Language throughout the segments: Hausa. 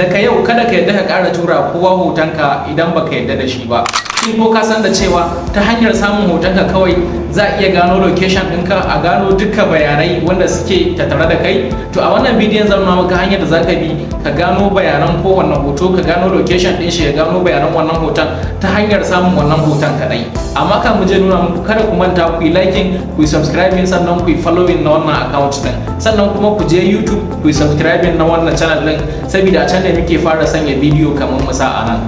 daga yau kada ka yadda ka kara tura kowa hotonka idan baka yadda da shi ba shin ko ka san da cewa ta hanyar samun hotonka kawai za a iya gano location ɗinka a gano duka bayanai wanda suke tattare da kai to a wannan bidiyon zan nuna maka hanyar da za ka bi ka gano bayanan kowanne hoto ka gano location ɗin shi ka gano bayanan wannan hoton ta hanyar samun wannan hoton kaɗai amma kan mu je nuna muku kada ku manta ku yi liking ku yi subscribing sannan ku yi following na wannan account din sannan kuma ku je youtube ku yi subscribing na wannan channel din saboda a can ne muke fara sanya bidiyo kamar mu sa a nan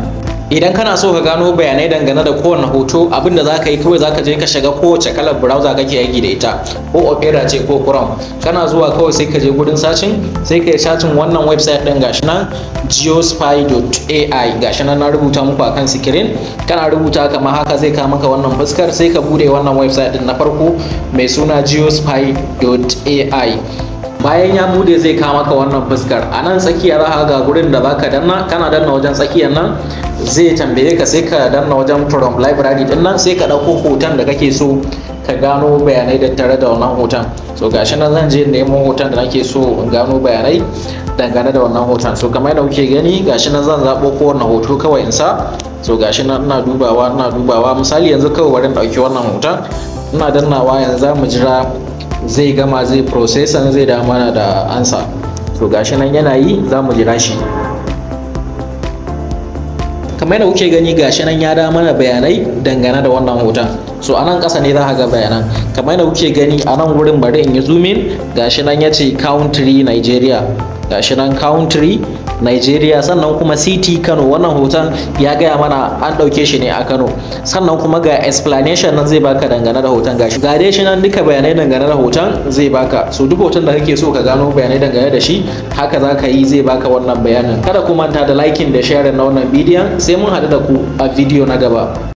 idan kana so ka gano bayanai dangane da kowane hoto abinda za ka yi kawai za ka je ka shiga kowace kalar browser kake aiki da ita ko opera ce ko chrome kana zuwa kawai sai ka je gudun sacin sai ka yi sacin wannan website din gashi nan geospy.ai gashi nan na rubuta muku akan screen kana rubuta kamar haka zai ka wannan fuskar sai ka bude wannan website din na farko mai suna geospy.ai bayan ya bude zai kama ka wannan fuskar a nan tsakiya za ga gurin da zaka danna kana danna wajen tsakiyar nan zai tambaye ka sai ka danna wajen from library din nan sai ka ɗauko hoton da kake so ka gano bayanai da tare da wannan hoton so gashi nan zan je nemo hoton da nake so in gano bayanai dangane da wannan hoton so kamar yadda kuke gani gashi nan zan zaɓo kowane hoto kawai in sa so gashi nan ina dubawa ina dubawa misali yanzu kawai warin dauki wannan hoton ina dannawa yanzu za mu jira zai gama zai processing zai da mana da ansa to gashi nan yana yi za mu jira shi kamar da kuke gani gashi nan ya da mana bayanai dangane da wannan hoton so anan ƙasa ne za ka ga bayanan kamar da kuke gani a nan wurin bari in yi zoom in gashi nan ya ce country nigeria gashi nan country nigeria sannan kuma city kano wannan hoton ya gaya mana an ɗauke shi ne a kano sannan kuma ga explanation nan zai baka dangane da hoton gashi ga dai shi nan duka bayanai dangane da hoton zai baka so duk hoton da kake so ka gano bayanai dangane da shi haka za ka yi zai baka wannan bayanin kada ku manta da liking da sharing na wannan bidiyon sai mun haɗu da ku a bidiyo na gaba